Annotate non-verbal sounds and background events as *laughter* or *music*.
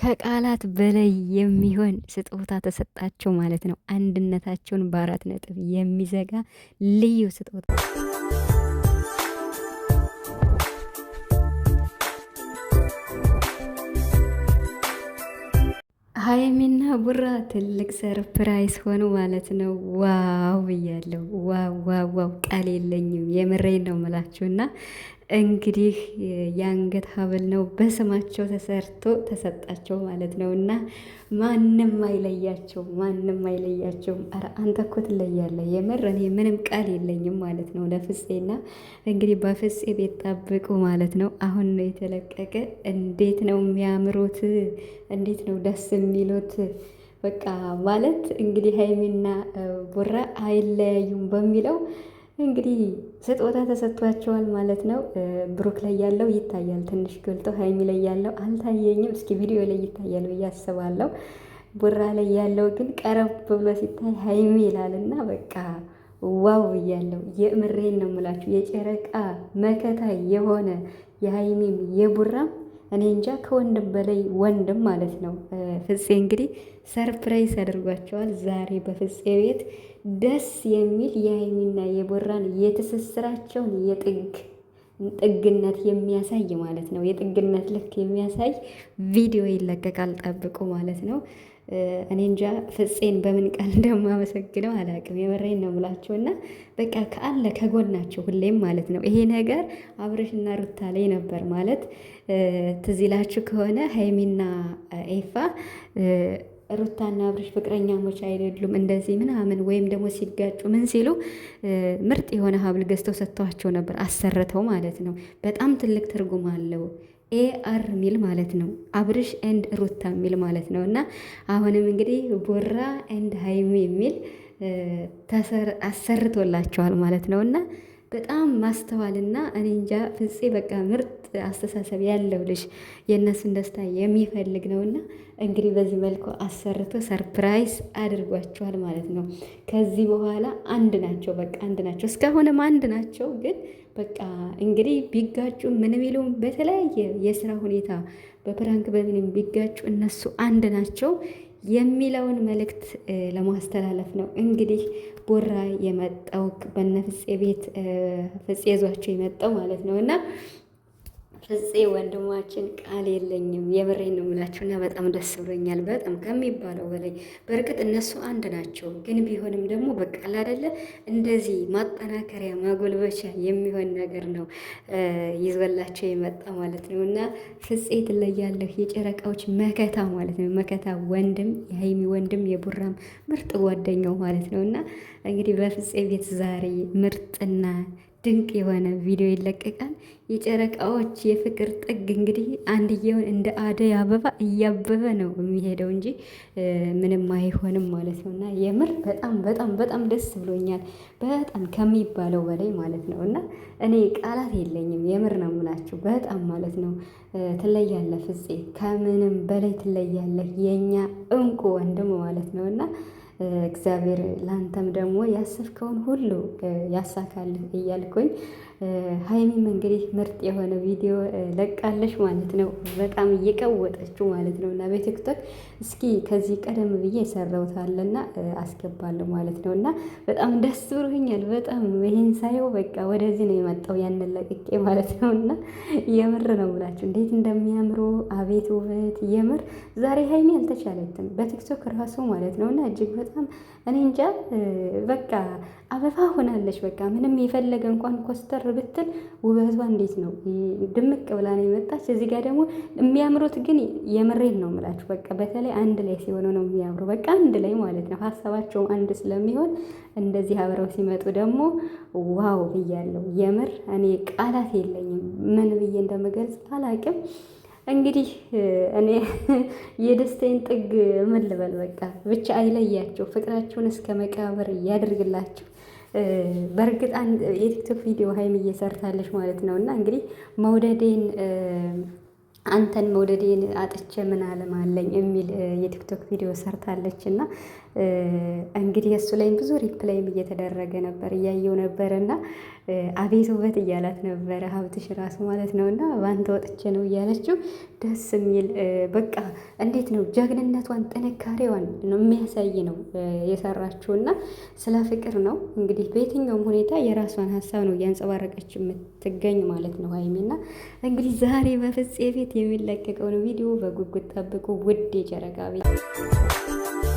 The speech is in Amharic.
ከቃላት በላይ የሚሆን ስጦታ ተሰጣቸው ማለት ነው። አንድነታቸውን በአራት ነጥብ የሚዘጋ ልዩ ስጦታ ሀይሚና ቡራ ትልቅ ሰርፕራይዝ ሆኑ ማለት ነው። ዋው ብያለሁ። ዋው ዋው ዋው! ቃል የለኝም የምሬን ነው ምላችሁ እና እንግዲህ የአንገት ሀብል ነው በስማቸው ተሰርቶ ተሰጣቸው ማለት ነው። እና ማንም አይለያቸው፣ ማንም አይለያቸውም። ኧረ አንተ እኮ ትለያለህ። የምር እኔ ምንም ቃል የለኝም ማለት ነው ለፍፄና እንግዲህ በፍፄ ቤት ጠብቁ ማለት ነው። አሁን ነው የተለቀቀ። እንዴት ነው የሚያምሩት! እንዴት ነው ደስ የሚሉት! በቃ ማለት እንግዲህ ሀይሚና ቡራ አይለያዩም በሚለው እንግዲህ ስጦታ ተሰጥቷቸዋል ማለት ነው። ብሩክ ላይ ያለው ይታያል ትንሽ ጎልቶ፣ ሀይሚ ላይ ያለው አልታየኝም። እስኪ ቪዲዮ ላይ ይታያል ብዬ አስባለሁ። ቡራ ላይ ያለው ግን ቀረብ ብሎ ሲታይ ሀይሚ ይላል እና በቃ ዋው ብያለሁ። የእምሬን ነው የምላችሁ የጨረቃ መከታ የሆነ የሀይሚም የቡራም እኔ እንጃ ከወንድም በላይ ወንድም ማለት ነው። ፍፄ እንግዲህ ሰርፕራይዝ አድርጓቸዋል ዛሬ በፍፄ ቤት ደስ የሚል የሀይሚና የቦራን የትስስራቸውን የጥግ ጥግነት የሚያሳይ ማለት ነው። የጥግነት ልክ የሚያሳይ ቪዲዮ ይለቀቃል፣ ጠብቁ ማለት ነው። እኔ እንጃ ፍፄን በምን ቃል እንደማመሰግነው አላውቅም። የመረኝ ነው የምላችሁ እና በቃ ከአለ ከጎናቸው ሁሌም ማለት ነው። ይሄ ነገር አብረሽና ሩታ ላይ ነበር ማለት ትዝ ይላችሁ ከሆነ ሀይሚና ኤፋ ሩታና አብርሽ ፍቅረኛሞች አይደሉም እንደዚህ ምናምን ወይም ደግሞ ሲጋጩ ምን ሲሉ ምርጥ የሆነ ሀብል ገዝተው ሰጥተዋቸው ነበር፣ አሰርተው ማለት ነው። በጣም ትልቅ ትርጉም አለው። ኤአር ሚል ማለት ነው። አብርሽ ኤንድ ሩታ የሚል ማለት ነው። እና አሁንም እንግዲህ ቦራ ኤንድ ሀይሚ የሚል አሰርቶላቸዋል ማለት ነው እና በጣም ማስተዋልና እኔ እንጃ ፍፄ በቃ ምርጥ አስተሳሰብ ያለው ልጅ የእነሱን ደስታ የሚፈልግ ነውና እንግዲህ በዚህ መልኩ አሰርቶ ሰርፕራይዝ አድርጓቸዋል ማለት ነው። ከዚህ በኋላ አንድ ናቸው፣ በቃ አንድ ናቸው። እስካሁንም አንድ ናቸው። ግን በቃ እንግዲህ ቢጋጩ ምንም ይሉም በተለያየ የስራ ሁኔታ በፕራንክ በምንም ቢጋጩ እነሱ አንድ ናቸው። የሚለውን መልእክት ለማስተላለፍ ነው። እንግዲህ ቦራ የመጣው በነ ፍፄ ቤት ፍፄ ይዟቸው የመጣው ማለት ነው እና ፍፄ ወንድማችን ቃል የለኝም የምሬ ነው የምላችሁ እና በጣም ደስ ብሎኛል። በጣም ከሚባለው በላይ በእርግጥ እነሱ አንድ ናቸው፣ ግን ቢሆንም ደግሞ በቃል አደለ እንደዚህ ማጠናከሪያ ማጎልበቻ የሚሆን ነገር ነው ይዞላቸው የመጣ ማለት ነው እና ፍፄ ትለያለህ፣ የጨረቃዎች መከታ ማለት ነው መከታ ወንድም፣ የሀይሚ ወንድም፣ የቡራም ምርጥ ጓደኛው ማለት ነው እና እንግዲህ በፍፄ ቤት ዛሬ ምርጥና ድንቅ የሆነ ቪዲዮ ይለቀቃል። የጨረቃዎች የፍቅር ጥግ እንግዲህ አንድየውን እንደ አደይ አበባ እያበበ ነው የሚሄደው እንጂ ምንም አይሆንም ማለት ነው። እና የምር በጣም በጣም በጣም ደስ ብሎኛል፣ በጣም ከሚባለው በላይ ማለት ነው። እና እኔ ቃላት የለኝም፣ የምር ነው የምላችሁ፣ በጣም ማለት ነው። ትለያለህ ፍፄ፣ ከምንም በላይ ትለያለህ፣ የእኛ እንቁ ወንድም ማለት ነው እና እግዚአብሔር ላንተም ደግሞ ያሰብከውን ሁሉ ያሳካልህ እያልኩኝ ሀይሚም እንግዲህ ምርጥ የሆነ ቪዲዮ ለቃለሽ ማለት ነው። በጣም እየቀወጠችው ማለት ነው እና በቲክቶክ እስኪ ከዚህ ቀደም ብዬ የሰራሁት አለና አስገባለሁ ማለት ነው እና በጣም ደስ ብሎኛል። በጣም ይህን ሳየው በቃ ወደዚህ ነው የመጣው ያንን ለቅቄ ማለት ነው እና የምር ነው ብላችሁ እንዴት እንደሚያምሩ አቤት ውበት! የምር ዛሬ ሀይሚ አልተቻለትም በቲክቶክ ራሱ ማለት ነው እና እጅግ በጣም እኔ እንጃ በቃ አበባ ሆናለች። በቃ ምንም የፈለገ እንኳን ኮስተር ብትል ውበቷ እንዴት ነው ድምቅ ብላ ነው የመጣች። እዚህ ጋር ደግሞ የሚያምሩት ግን የምሬን ነው የምላችሁ። በቃ በተለይ አንድ ላይ ሲሆኑ ነው የሚያምሩ። በቃ አንድ ላይ ማለት ነው ሀሳባቸው አንድ ስለሚሆን እንደዚህ አብረው ሲመጡ ደግሞ ዋው ብያለሁ። የምር እኔ ቃላት የለኝም ምን ብዬ እንደምገልጽ አላቅም። እንግዲህ እኔ *laughs* የደስተኝ ጥግ ምን ልበል፣ በቃ ብቻ አይለያቸው፣ ፍቅራቸውን እስከ መቃብር እያደርግላቸው። በእርግጥ አንድ የቲክቶክ ቪዲዮ ሀይም እየሰርታለች ማለት ነው። እና እንግዲህ መውደዴን አንተን መውደዴን አጥቼ ምን አለም አለኝ የሚል የቲክቶክ ቪዲዮ ሰርታለች እና እንግዲህ እሱ ላይም ብዙ ሪፕላይም እየተደረገ ነበር እያየው ነበር እና አቤት ውበት እያላት ነበረ። ሀብትሽ ራሱ ማለት ነው እና በአንተ ወጥቼ ነው እያለችው ደስ የሚል በቃ እንዴት ነው ጀግንነቷን ጥንካሬዋን የሚያሳይ ነው የሰራችው እና ስለ ፍቅር ነው እንግዲህ በየትኛውም ሁኔታ የራሷን ሀሳብ ነው እያንጸባረቀች የምትገኝ ማለት ነው ሀይሚና እንግዲህ ዛሬ በፍፄ ቤት የሚለቀቀውን ቪዲዮ በጉጉት ጠብቁ ውድ የጨረቃ ቤት